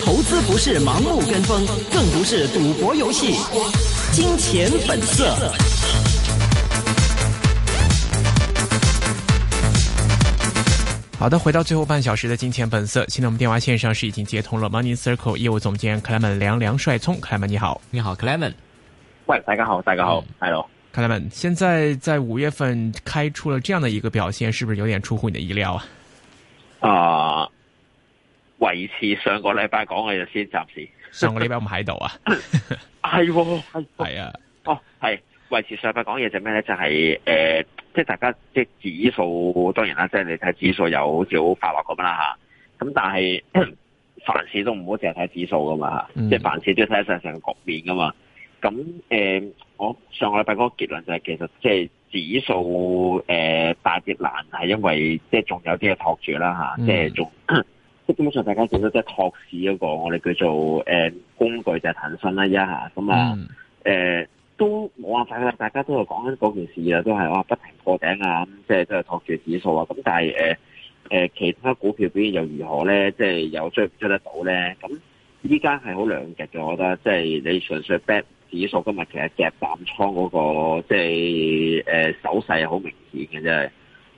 投資不是盲目跟風，更不是賭博遊戲。金錢本色。好的，回到最後半小時的金錢本色。現在我們電話線上是已經接通了 Money Circle 業務總監 Clement 梁梁帥聰，Clement 你好，你好 Clement。喂，大家好，大家好，Hello。Clement，現在在五月份開出了這樣的一個表現，是不是有點出乎你的意料啊？啊！維持上個禮拜講嘅就先暫時，暫時上個禮拜有唔喺度啊？係係係啊！哦，係維持上個禮拜講嘢就咩咧？就係、是、誒、呃，即係大家即係指數，當然啦，即係你睇指數又好似好快落咁啦吓。咁但係凡事都唔好淨係睇指數噶嘛，嗯、即係凡事都要睇上成個局面噶嘛。咁誒、呃，我上個禮拜嗰個結論就係、是、其實即、就、係、是。指數誒、呃、大跌難係因為即係仲有啲嘢托住啦嚇，即係仲、啊嗯、即係基本上大家見到即係托市嗰個我哋叫做誒、呃、工具就係騰訊啦，一下咁啊誒、啊嗯呃、都冇辦法啦，大家都係講緊嗰件事啊，都係哇不停破頂啊，即係都係托住指數啊，咁但係誒誒其他股票表現又如何咧？即係又追唔追得到咧？咁依家係好兩極嘅，我覺得即係你純粹 back 指數今日其實夾淡倉嗰、那個，即係誒、呃、手勢係好明顯嘅啫。誒、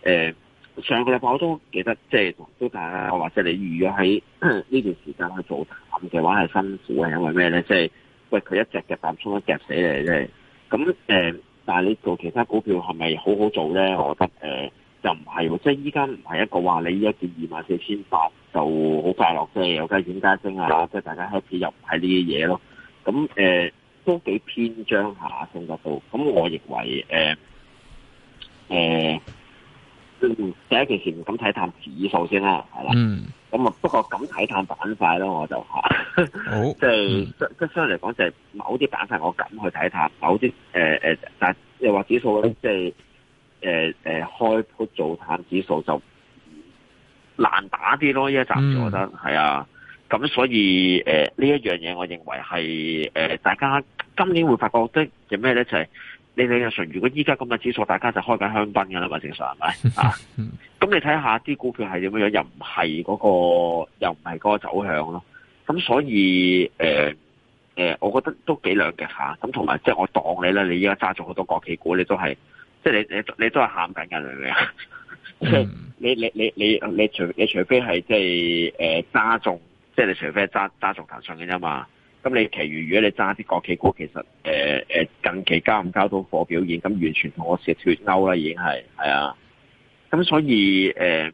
呃、上個禮拜我都記得，即係同都大家話，或者你預咗喺呢段時間去做淡嘅話係辛苦嘅，因為咩咧？即係喂佢一隻夾淡倉一夾死你咧。咁誒，但係你做其他股票係咪好好做咧？我覺得誒、呃、就唔係喎。即係依家唔係一個話你這一件二萬四千八就好快樂，即係有雞錢家升啊，即係大家 happy 又唔係呢啲嘢咯。咁誒。呃都幾偏章下送得到，咁我認為誒誒、呃呃嗯，第一件事唔敢睇淡指數先啦，係啦。嗯。咁啊，不過咁睇淡板塊咯，我就係，即係即即相嚟講，就係、某啲板塊我敢去睇淡，某啲誒誒，但又話指數即係誒誒開鋪做淡指數就難打啲咯，一集，我覺得係啊。咁所以誒呢、呃、一樣嘢，我認為係誒、呃、大家。今年會發覺的係咩咧？就係、是、你兩日上，如果依家咁嘅指數，大家就開緊香檳㗎啦，嘛。正常係咪？啊，咁你睇下啲股票係點樣樣，又唔係嗰個，又唔係嗰個走向咯。咁所以誒誒、呃呃，我覺得都幾兩極嚇。咁同埋即係我當你啦，你依家揸中好多國企股，你都係即係你你你都係喊緊㗎，你、啊、 你你你你你除你除非係即係誒揸中，即係你除非係揸揸中騰訊嘅啫嘛。咁你其餘，如果你揸啲國企股，其實、呃、近期交唔交到貨表現，咁完全同我市脫鈎啦，已經係係啊。咁所以、呃、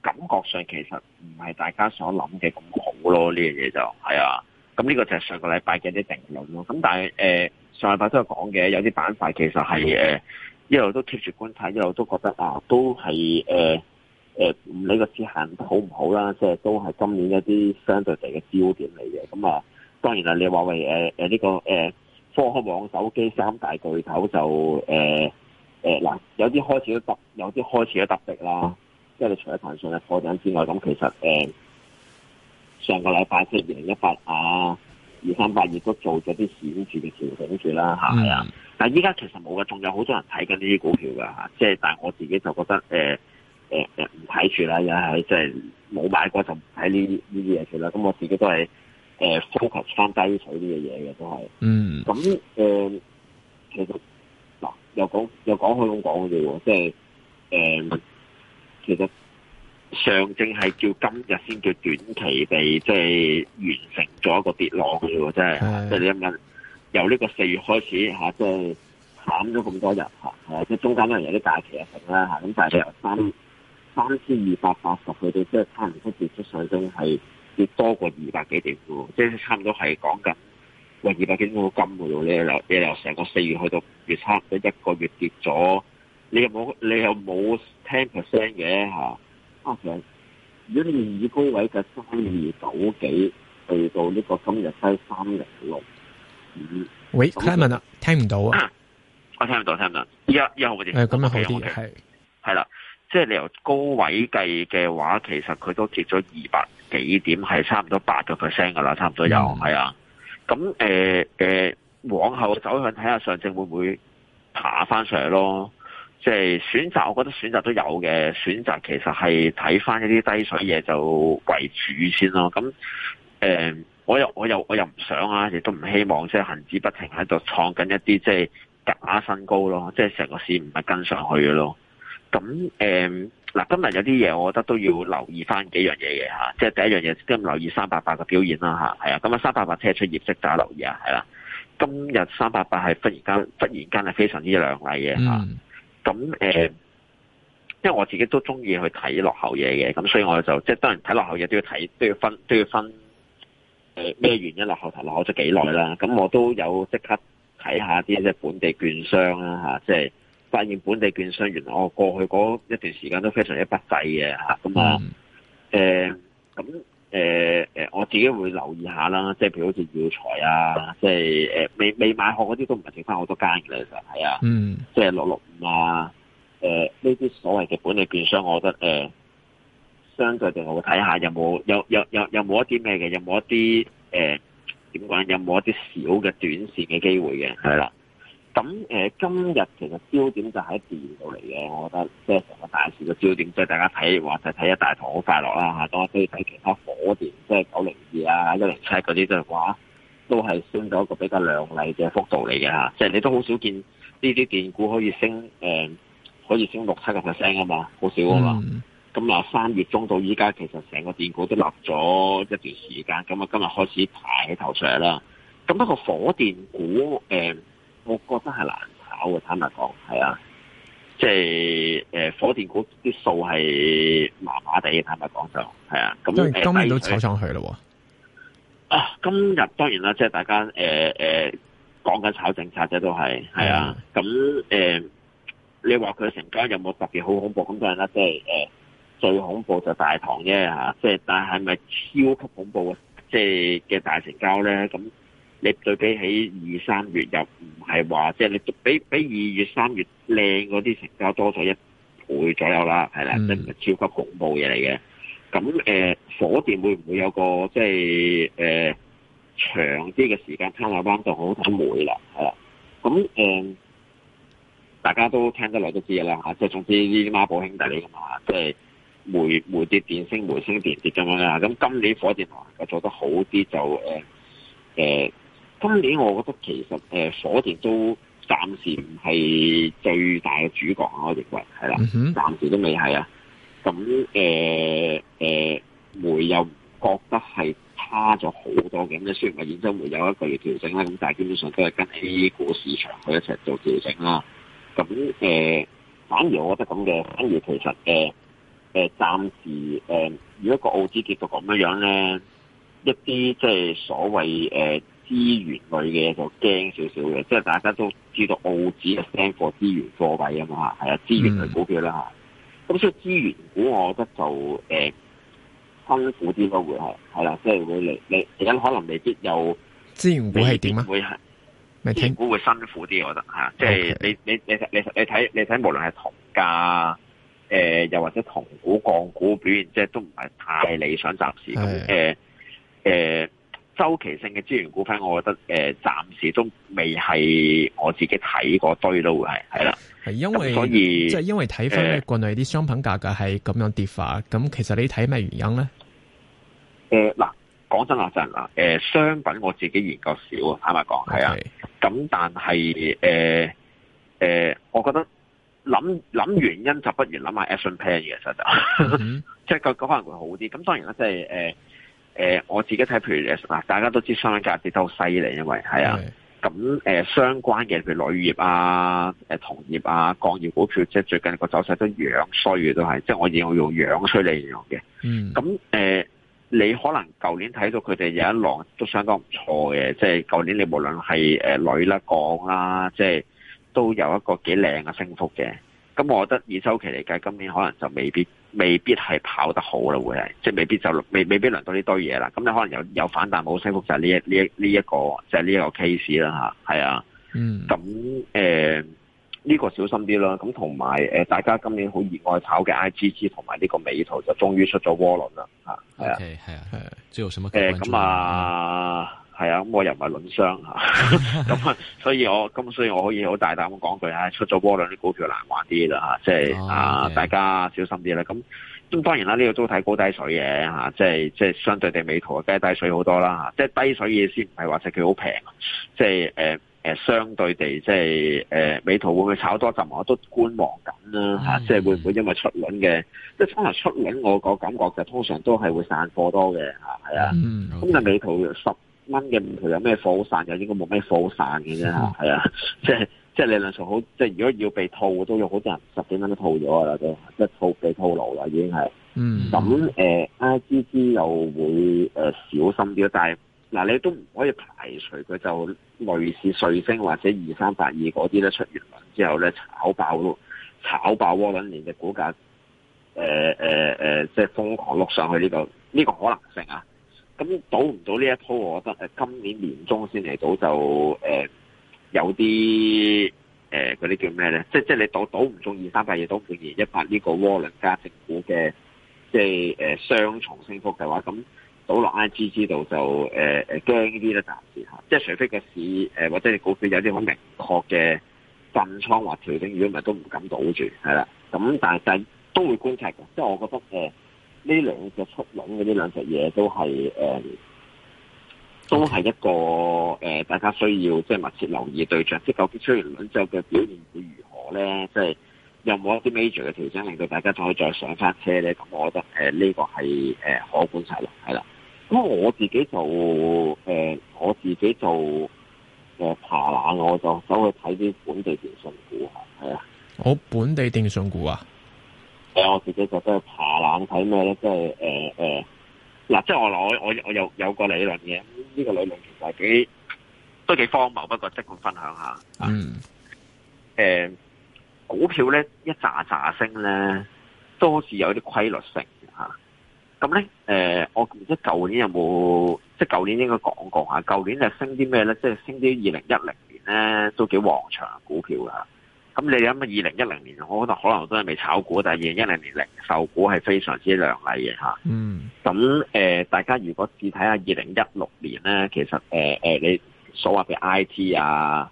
感覺上其實唔係大家所諗嘅咁好咯，呢樣嘢就係啊。咁呢個就係上個禮拜嘅啲定論咯。咁但係、呃、上禮拜都有講嘅，有啲板塊其實係、呃、一路都貼住觀睇，一路都覺得啊，都係誒誒唔理個市行好唔好啦，即係都係今年一啲相對地嘅焦點嚟嘅咁啊。當然啦、啊，你話喂誒誒呢個誒、呃、科網手機三大巨頭就誒誒嗱，有啲開始都特有啲開始都特別啦。即係你除咗騰訊嘅破頂之外，咁、嗯、其實誒、呃、上個禮拜即係二零一八啊、二三八二都做咗啲閃住嘅調整住啦嚇係啊。嗯、但係依家其實冇嘅，仲有好多人睇緊呢啲股票㗎嚇。即、啊、係、就是、但係我自己就覺得誒誒唔睇住啦，又係即係冇買過就唔睇呢呢啲嘢住啦。咁我自己都係。誒，focus 翻低水呢嘅嘢嘅都係，嗯，咁誒，其實嗱，又講又講開咁講嘅啫喎，即係誒、嗯，其實上證係叫今日先叫短期地即係完成咗一個跌浪嘅啫喎，係，即係你一問由呢個四月開始吓，即係慘咗咁多日吓，即係中間都有啲大期一成啦吓，咁但係你由三三千二百八十去到即係差唔多跌出上證係。多過二百幾點，即係差唔多係講緊二百幾點金，你又你又成個四月去到五月差唔多一個月跌咗，你有冇你又冇 ten percent 嘅吓。啊，如果你以高位嘅三二九幾去到呢個今日低三零六。喂 Clement 啊，聽唔到啊，我聽唔到，聽唔到。我嗯、一一號咁啊，好啲係係啦，即係你由高位計嘅話，其實佢都跌咗二百。幾點係差唔多八個 percent 噶啦，差唔多有係啊。咁誒誒，往後走向睇下上證會唔會爬翻上嚟咯？即係選擇，我覺得選擇都有嘅選擇，其實係睇翻一啲低水嘢就為主先咯。咁誒、呃，我又我又我又唔想啊，亦都唔希望即係恒指不停喺度創緊一啲即係假新高咯，即係成個市唔係跟上去嘅咯。咁誒。呃嗱，今日有啲嘢，我覺得都要留意翻幾樣嘢嘅嚇，即係第一樣嘢，今日留意三八八嘅表現啦嚇，係啊，咁啊，三八八推出業績大家留意啊，係啦，今日三八八係忽然間忽然間係非常之亮麗嘅嚇，咁、嗯、誒、呃，因為我自己都中意去睇落後嘢嘅，咁所以我就即係當然睇落後嘢都要睇，都要分，都要分誒咩、呃、原因落後頭，落咗幾耐啦，咁我都有即刻睇下啲即係本地券商啦嚇，即係。發現本地券商原來我過去嗰一段時間都非常之不濟嘅吓，咁、嗯、啊，誒、啊，咁誒誒，我自己會留意一下啦，即係譬如好似耀才啊，即係誒未未買殼嗰啲都唔係剩翻好多間嘅其實係啊，嗯，即係六六五啊，誒呢啲所謂嘅本地券商，我覺得誒、啊、相對就我會睇下有冇有有有有冇一啲咩嘅，有冇一啲誒點講，有冇一啲、啊、小嘅短線嘅機會嘅，係啦。咁、呃、今日其實焦點就喺電度嚟嘅，我覺得即係成個大市嘅焦點，即係大家睇話就睇一大堂好快樂啦嚇。當然睇其他火電，即係九零二啊、一零七嗰啲都話都係升咗一個比較亮麗嘅幅度嚟嘅嚇。即係你都好少見呢啲電股可以升、呃、可以升六七個 percent 啊嘛，好少啊嘛。咁、嗯、啊，三月中到依家其實成個電股都落咗一段時間，咁啊今日開始排起頭上啦。咁不過火電股、呃我覺得係難炒嘅，坦白講，係啊，即係誒，火電股啲數係麻麻地，坦白講就係啊，咁、呃、今今年都炒上去咯。啊，今日當然啦，即係大家誒誒講緊炒政策啫，都係係啊，咁、嗯、誒、嗯嗯，你話佢成交有冇特別好恐怖咁？當然啦，即係誒、呃，最恐怖就大堂啫吓、啊，即係但係咪超級恐怖啊？即係嘅大成交咧咁。你對比起二三月又唔係話，即係你比比二月三月靚嗰啲成交多咗一倍左右啦，係啦，真、嗯、係超級恐怖嘢嚟嘅。咁誒、呃，火電會唔會有個即係誒、呃、長啲嘅時間攤下班度好睇？煤啦，係啦。咁、呃、誒，大家都聽得落，都知啦嚇。即係總之呢啲孖寶兄弟嚟㗎嘛，即係煤煤跌電升、煤升、電跌咁樣啦。咁今年火電能夠做得好啲，就誒誒。呃今年我覺得其實誒火、呃、電都暫時唔係最大嘅主角，我認為係啦，暫、嗯、時都未係啊。咁誒誒煤又覺得係差咗好多嘅，咧雖然話現今煤有一個嘅調整啦，咁但係基本上都係跟 A 股市場去一齊做調整啦、啊。咁誒、呃，反而我覺得咁嘅，反而其實誒暫、呃、時誒、呃，如果個澳斯結構咁樣咧，一啲即係所謂誒。呃資源類嘅就驚少少嘅，即係大家都知道澳紙係升貨資源貨幣啊嘛，係啊，資源類股票啦嚇，咁、嗯、所以資源股我覺得就誒、欸、辛苦啲咯會係，係啦，即係會嚟嚟緊可能未必有資源股係點啊？未會係，資源股會辛苦啲，我覺得嚇，即係、就是 okay. 你你你你睇你睇你睇，無論係銅價，誒又或者銅股、鋼股表現，即係都唔係太理想暫時誒誒。周期性嘅資源股份，我覺得誒、呃，暫時都未係我自己睇過堆都會係係啦。係因為可以，即係因為睇翻咧國內啲商品價格係咁樣跌化，咁、呃、其實你睇咩原因咧？誒、呃、嗱，講真話就係嗱誒，商品我自己研究少，坦白講係啊。咁、okay. 但係誒誒，我覺得諗諗原因就不如諗下 action plan 其嘅實質，mm -hmm. 即係個個可能會好啲。咁當然啦、就是，即係誒。誒、呃、我自己睇，譬如嗱，大家都知商品價值都好犀利，因為係啊，咁誒、呃、相關嘅，譬如鋁業啊、誒銅業啊、鋼業股票，即係最近個走勢都樣衰嘅都係，即係我認為我用樣衰嚟形容嘅。嗯那，咁、呃、誒，你可能舊年睇到佢哋有一浪都相當唔錯嘅，即係舊年你無論係誒、呃、鋁啦、鋼啦，即係都有一個幾靚嘅升幅嘅。咁我覺得以週期嚟計，今年可能就未必。未必係跑得好啦，會係即係未必就未未必輪到呢堆嘢啦。咁你可能有有反彈冇升幅就係呢一呢呢一個就係呢一個 case 啦吓，係啊，嗯，咁誒呢個小心啲啦。咁同埋誒，大家今年好熱愛炒嘅 IGG 同埋呢個美圖就終於出咗窩輪啦，吓係啊係啊，誒，咁啊。是啊係啊，咁、嗯、我又唔係輪商啊。咁啊，所以我咁所以我可以好大膽咁講句啊、哎，出咗窩輪啲股票難玩啲啦，即係啊，就是啊 oh, okay. 大家小心啲啦。咁、啊、咁當然啦，呢個都睇高低水嘅，即係即係相對地美圖啊梗係低水好多啦，即係低水嘅意思唔係話食佢好平，即、就、係、是呃、相對地即係、就是呃、美圖會唔會炒多陣我都觀望緊啦，即係會唔會因為出輪嘅，即、就、係、是、通常出輪我個感覺嘅、就是、通常都係會散貨多嘅係啊，咁、mm, okay. 但美圖十。蚊嘅唔同有咩火散？就應該冇咩火散嘅啫嚇，係、嗯、啊，即係即係理論上好，即、就、係、是就是、如果要被套都有好多人十幾蚊都套咗噶啦，都一套被套牢啦，已經係。嗯。咁誒，I G G 又會誒、呃、小心啲，但係嗱、呃，你都唔可以排除佢就類似瑞星或者二三八二嗰啲咧出完輪之後咧炒爆炒爆窩輪，連隻股價誒誒誒，即、呃、係、呃呃就是、瘋狂碌上去呢、這個呢、這個可能性啊！咁賭唔到呢一鋪，我覺得今年年中先嚟賭就誒、呃、有啲誒嗰啲叫咩呢？即即你賭賭唔中二三百，嘢，都唔見一百呢個窩輪加正股嘅即係誒、呃、雙重升幅嘅話，咁賭落 I G 知道就誒誒驚啲咯，呃、暫時下，即係除非個市、呃、或者個股有啲好明確嘅震倉或調整，如果唔係都唔敢賭住係啦。咁但係都會觀察㗎。即係我覺得誒。呃呢兩隻出輪嘅呢兩隻嘢都係誒、嗯，都係一個誒、呃，大家需要即係密切留意對象。即係究竟出完輪之後嘅表現會如何咧？即係有冇一啲 major 嘅調整，令到大家就可以再上翻車咧？咁、嗯、我覺得誒，呢、呃這個係誒、呃、可觀察啦，係啦。咁我自己就誒、呃，我自己就誒、呃、爬冷，我就走去睇啲本地電信股吓，係啊。我本地電信股啊？呃、我自己覺得爬冷睇咩咧，即係誒誒，嗱，即係我我我有我有個理論嘅，呢、這個理論其實是幾都幾荒謬，不過即管分享一下。嗯。誒、呃，股票咧一揸揸升咧，都好似有啲規律性吓。咁、啊、咧，誒、呃，我唔知舊年有冇，即係舊年應該講過。下，舊年就升啲咩咧？即係升啲二零一零年咧，都幾旺長股票嘅。咁你諗啊？二零一零年，我覺得可能都係未炒股，但係二零一零年零售股係非常之亮麗嘅嚇。嗯。咁、呃、大家如果只睇下二零一六年咧，其實、呃、你所謂嘅 I T 啊，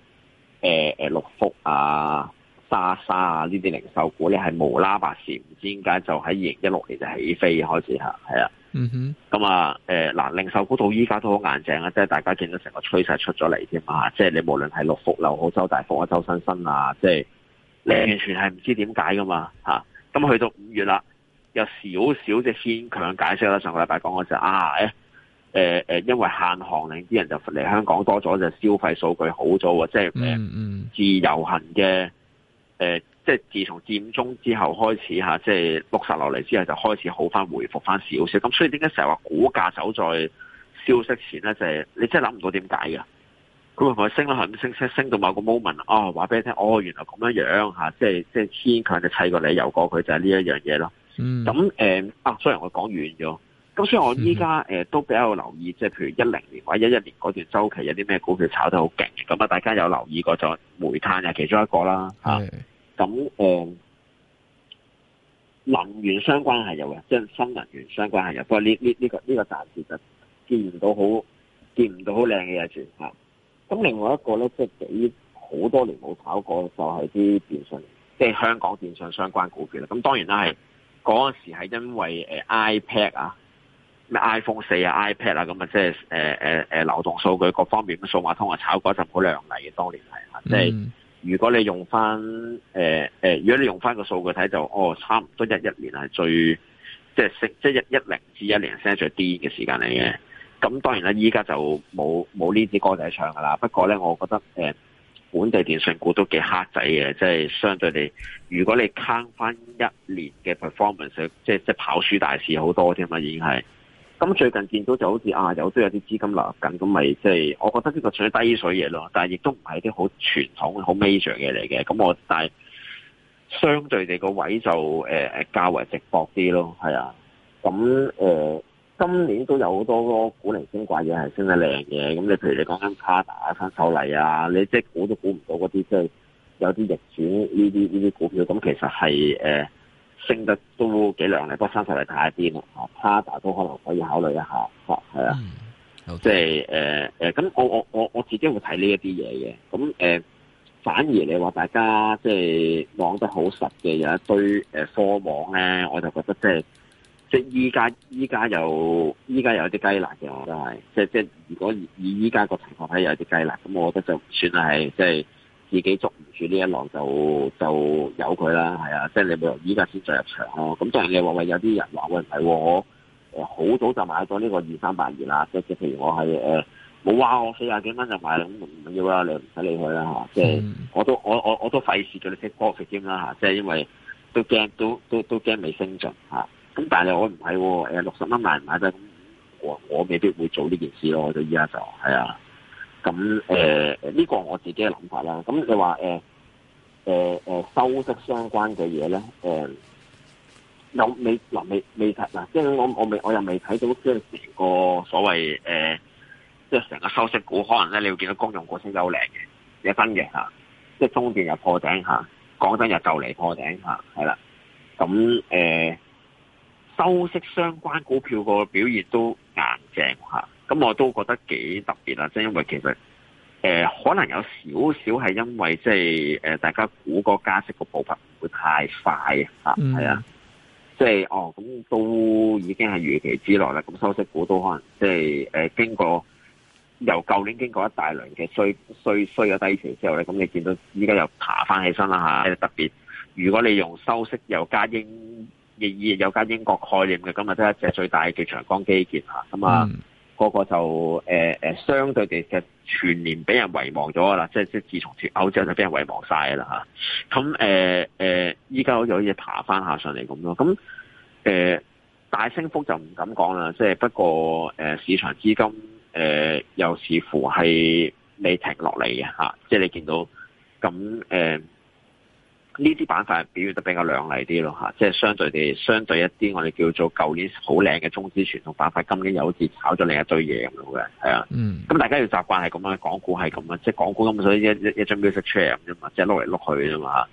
呃、六福啊、莎莎啊呢啲零售股咧係無啦啦，事唔知點解就喺二零一六年就起飛開始嚇，係啊。嗯、mm、哼 -hmm.。咁啊嗱，零售股到依家都好硬淨啊，即係大家見到成個趨勢出咗嚟啫嘛，即係你無論係六福又、好、周大福啊、周生生啊，即係。你完全係唔知點解㗎嘛嚇，咁、啊嗯嗯嗯、去到五月啦，有少少即係牽強解釋啦。上個禮拜講嗰陣、就是、啊誒誒誒，因為限行令啲人就嚟香港多咗，就消費數據好咗喎，即係誒自由行嘅誒，即、呃、係、就是、自從佔中之後開始嚇，即係碌晒落嚟之後就開始好返，回復返少少。咁所以點解成日話股價走在消息前咧？就係、是、你真係諗唔到點解㗎？佢唔升啦，係唔升升升到某個 moment，哦，話、啊、俾你聽，哦，原來咁樣樣嚇、啊，即係即係牽強嘅砌個理由過佢就係呢一樣嘢咯。咁、嗯、誒啊，雖然我講完咗，咁雖然我依家誒都比較留意，即係譬如一零年或者一一年嗰段週期有啲咩股票炒得好勁，咁啊，大家有留意過咗煤炭係其中一個啦嚇。咁、啊、誒、啊、能源相關係有嘅，即係新能源相關係有，不過呢呢呢個呢、呢個暫時就見唔到好見唔到好靚嘅嘢住嚇。啊咁另外一個咧，即係幾好多年冇炒過，就係啲電信，即係香港電信相關股票啦。咁當然啦，係嗰陣時係因為 iPad 啊、咩 iPhone 四啊、iPad 啊咁啊，即係誒誒流動數據各方面，咁數碼通啊炒嗰陣好靚麗嘅，當年係，即係如果你用翻誒誒，如果你用翻個數據睇就，哦，差唔多一一年係最即係即係一零至一一年升最啲嘅時間嚟嘅。咁當然啦，依家就冇冇呢支歌仔唱噶啦。不過咧，我覺得誒、呃、本地電訊股都幾黑仔嘅，即、就、係、是、相對地，如果你慳返一年嘅 performance，即係即跑輸大市好多添嘛，已經係。咁最近見到就好似啊，有都有啲資金流入緊，咁咪即係我覺得呢個屬低水嘢咯。但係亦都唔係啲好傳統、好 major 嘅嚟嘅。咁我但係相對地個位就誒誒、呃、較為值博啲咯，係啊。咁誒。呃今年都有好多古靈精怪嘢係升得靚嘅，咁你譬如你講緊卡達啊，新秀麗啊，你即係估都估唔到嗰啲即係有啲逆轉呢啲呢啲股票，咁其實係、呃、升得都幾靚嘅，不過新秀麗太啲啦嚇，卡達都可能可以考慮一下，啊，即係咁我我我我自己會睇呢一啲嘢嘅，咁、呃、反而你話大家即係望得好實嘅有一堆誒科網咧，我就覺得即、就、係、是。即係依家，依家有依家有啲雞肋嘅，我覺得係。即係即係，如果以依家個情況睇，有啲雞肋，咁我覺得就算係，即係自己捉唔住呢一浪就就由佢啦，係啊。即係你咪依家先再入場咯。咁即然你話喂，有啲人話喂，唔係，我好早就買咗呢個二三百二啦。即係即譬如我係冇話我四廿幾蚊就買，咁唔緊要啦，你唔使理佢啦嚇。即係我都我我我都費事叫你 take profit 添啦嚇。即係因為都驚都都都驚未升盡嚇。咁但係我唔係喎，六十蚊買唔買得？我未必會做呢件事咯。就依家就係啊，咁誒呢個我自己嘅諗法啦。咁你話誒、呃呃呃、收息相關嘅嘢咧，誒、呃、又未嗱、呃、未未睇嗱，即係我我未我又未睇到即係成個所謂誒、呃，即係成個收息股，可能咧你要見到公用股先有靚嘅，一分嘅即係中電又破頂下，港真又就嚟破頂下。係啦、啊，咁誒。呃收息相關股票個表現都硬正嚇，咁我都覺得幾特別啦，即係因為其實誒、呃、可能有少少係因為即係誒大家估個加息個步伐唔會太快、嗯、係啊，係、就、啊、是，即係哦咁都已經係預期之內啦。咁收息股都可能即係誒經過由舊年經過一大輪嘅衰衰衰嘅低潮之後咧，咁你見到依家又爬翻起身啦嚇，特別如果你用收息又加息。亦有間英國概念嘅，今日都一隻最大嘅叫長江基建嚇，咁、那、啊個個就誒誒、嗯呃、相對地嘅全年俾人遺忘咗啦，即係即係自從脫歐之後就俾人遺忘晒啦嚇，咁誒誒依家好似可以爬返下上嚟咁咯，咁誒、呃、大升幅就唔敢講啦，即係不過誒、呃、市場資金誒、呃、又似乎係未停落嚟嘅嚇，即係你見到咁誒。那呃呢啲板塊表現得比較靚麗啲咯嚇，即係相對地，相對一啲我哋叫做舊年好靚嘅中資傳統板塊，今年又好似炒咗另一堆嘢咁嘅，係啊。咁、嗯、大家要習慣係咁樣港股係咁啊，即係港股咁所以一一張 music chair 出嚟咁啫嘛，即係碌嚟碌去啫嘛。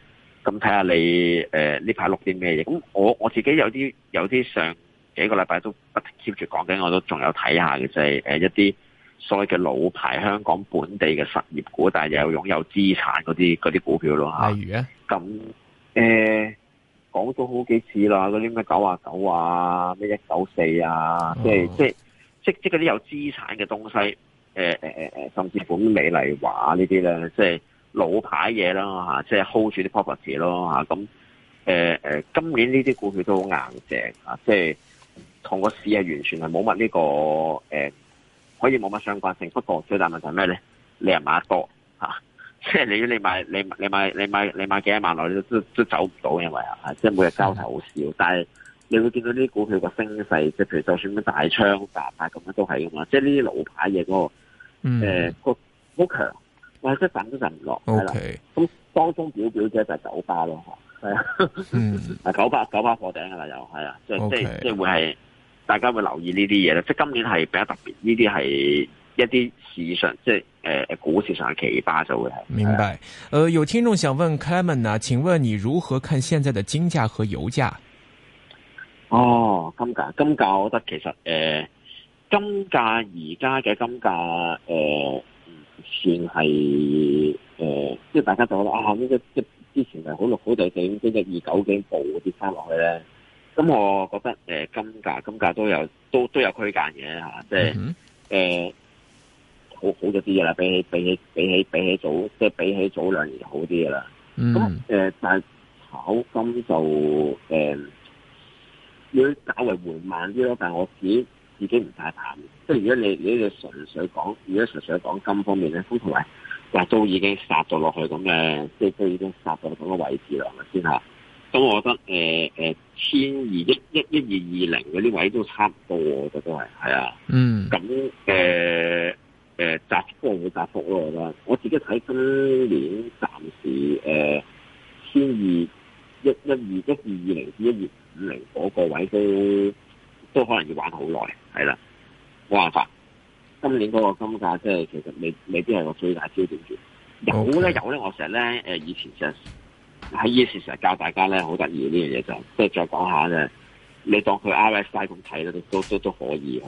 咁睇下你誒呢排碌啲咩嘢？咁、呃、我我自己有啲有啲上幾個禮拜都不停 keep 住講緊，我都仲有睇下嘅就係、是、誒、呃、一啲。所謂嘅老牌香港本地嘅實業股，但係又有擁有資產嗰啲嗰啲股票咯，吓。如咁誒講咗好幾次啦，嗰啲咩九啊九啊，咩一九四啊，即係即係即即嗰啲有資產嘅東西，誒誒誒誒，甚至乎美麗華呢啲咧，即係老牌嘢啦吓，即係 hold 住啲 property 咯、啊、吓，咁誒誒，今年呢啲股票都好硬淨啊，即係同個市係完全係冇乜呢個誒。啊可以冇乜相關性，不過最大問題係咩咧？你又買得多吓即係、啊就是、你你買你你買你買你買，你買幾多萬落，都都走唔到因為啊，即、就、係、是、每日交投好少。但係你會見到呢啲股票個升勢，即係譬如就算咩大槍大炮咁樣都係㗎嘛。即係呢啲老牌嘢嗰個誒、嗯呃那個好、那個、強，或者即係等都等唔落。O 啦咁當中表表姐就係九巴咯，係啊，嗯，九巴九巴破頂㗎啦又係啊，即係即係即係會係。大家會留意呢啲嘢咧，即係今年係比較特別，呢啲係一啲市場即係誒誒，股市上嘅奇葩就會係。明白。誒、嗯呃，有聽眾想問 Clement 啊，請問你如何看現在的金價和油價？哦，金價，金價，我覺得其實誒，金價而家嘅金價誒，算係誒，即、呃、係大家就覺得啊，呢個一之前係好落好地整，即係二九幾破嗰啲翻落去咧。咁、嗯、我覺得誒、呃，金價金價都有都都有區間嘅吓，即係誒好好咗啲嘅啦，比起比起比起比起早即係、就是、比起早兩年好啲嘅啦。咁、mm、誒 -hmm. 嗯，但係炒金就誒要稍微緩慢啲咯。但係我自己自己唔太淡，即、就、係、是、如果你你哋純粹講，如果純粹講金方面咧，都同埋話都已經殺咗落去咁嘅，即係即係已經殺到嗰個位置啦，係咪先吓？咁我覺得誒誒、呃、千二一一一二二零嗰啲位都差唔多，我覺得都係係啊。嗯。咁誒誒窄幅會窄幅咯，我覺得。我自己睇今年暫時誒、呃、千二一一二一二二零至一二五零嗰個位都都可能要玩好耐，係啦。冇辦法，今年嗰個金價即係其實未未必係個最大焦點住。有咧、okay. 有咧，我成日咧誒以前成、喺呢次成日教大家咧，好得意呢樣嘢就是，即係再講下咧，你當佢 RSI 咁睇咧，都都都可以去，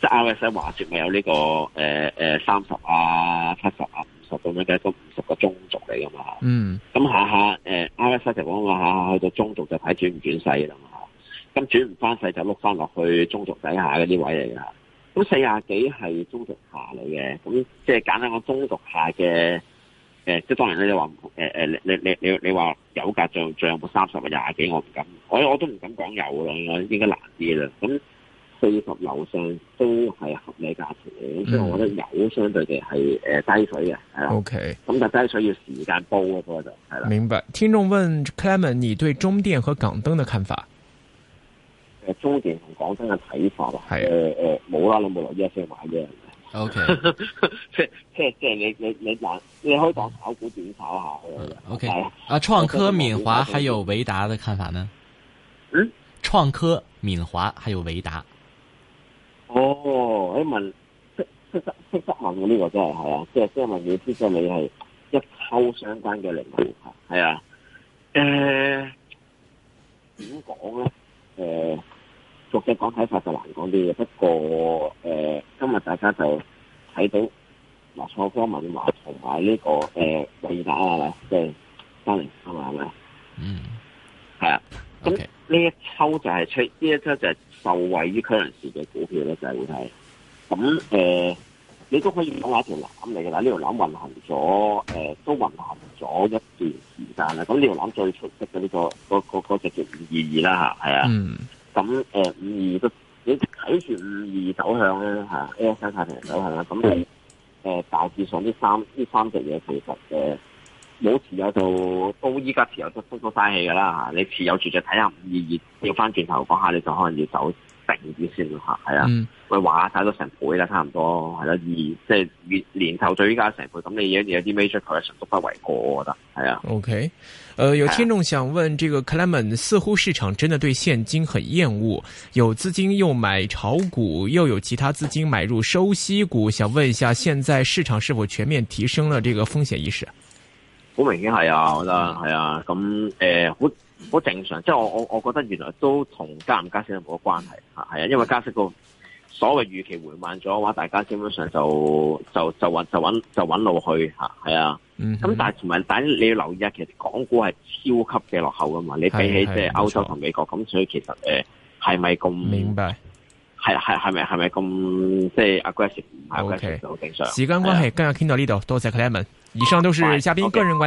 即係 RSI 話住咪有呢、這個誒誒、呃、三十啊七十啊五十咁樣嘅一個五十個中軸嚟噶嘛吓，咁、mm. 下下誒、呃、RSI 就講下下去到中軸就睇轉唔轉勢噶嘛，咁轉唔翻勢就碌翻落去中軸底下嗰啲位嚟噶，咁四廿幾係中軸下嚟嘅，咁即係簡單講中軸下嘅。誒、呃，即係當然咧、呃，你話唔同，誒誒，你你你你你話油價再再有三十或廿幾，我唔敢，我我都唔敢講有咯，應該難啲嘅啦。咁四十樓上都係合理價錢嘅，咁、嗯、所以我覺得油相對地係誒低水嘅，係、嗯、啦。O K，咁但係低水要時間煲嘅，嗰個就係啦。明白，聽眾問 Clement，你對中電和港燈嘅看法？誒，中電同港燈嘅睇法係誒誒，冇啦、啊，諗落依家先買啫。O K，即即即你你你你可以當炒股點炒下、嗯下嗯、O、okay. K，啊創科敏華還有維達嘅看法呢？嗯，創科敏華還有維達。哦，你問，識識識識問我呢、這個真係係啊，即係即係問你，即係你係一抽相關嘅領域啊，係、呃、啊。誒，點講咧？誒。逐隻講睇法就難講啲嘅，不過誒、呃，今日大家就睇到，嗱、呃，錯科敏華同埋呢個誒、呃、打達啊，即係翻嚟係咪啊？係、mm. 啊。咁、okay. 呢、嗯、一抽就係、是、出，呢一抽就係受惠於科技類嘅股票呢，就係咁誒。你都可以講係一條籃嚟嘅，喇。呢條籃運行咗誒、呃，都運行咗一段時間啦。咁呢條籃最出色嘅呢、這個，嗰嗰嗰隻叫五二二啦嚇，係啊。Mm. 咁誒五二都你睇住五二走向咧嚇，A.S. 太平洋走向啦，咁你誒大致上呢三呢三隻嘢其實誒冇、呃、持有到，都依家持有得都多嘥氣㗎啦嚇，你持有住就睇下五二二調翻轉頭，講下你就可能要走。呢係啊，佢話曬咗成倍啦，差唔多，係啦、啊，而即係年年頭最依家成倍，咁你而家有啲 major 球又都不為過，我覺得係啊。OK，呃，有聽眾想問，啊、這個 Clement 似乎市場真的對現金很厭惡，有資金又買炒股，又有其他資金買入收息股，想問一下，現在市場是否全面提升了這個風險意識？好明顯係啊，我覺得係啊，咁誒好。呃好正常，即係我我我覺得原來都同加唔加息冇乜關係吓，係啊，因為加息個所謂預期緩慢咗嘅話，大家基本上就就就揾就揾就揾路去吓，係啊，咁、嗯、但係同埋但係你要留意下其實港股係超級嘅落後啊嘛，你比起即係歐洲同美國咁，啊啊、所以其實誒係咪咁？明白，係係係咪係咪咁？即係 aggressive 唔係啊，aggressive 好正常。Okay. 啊、時間關係，今日傾到呢度多謝 Clement 以上都是嘉賓個人觀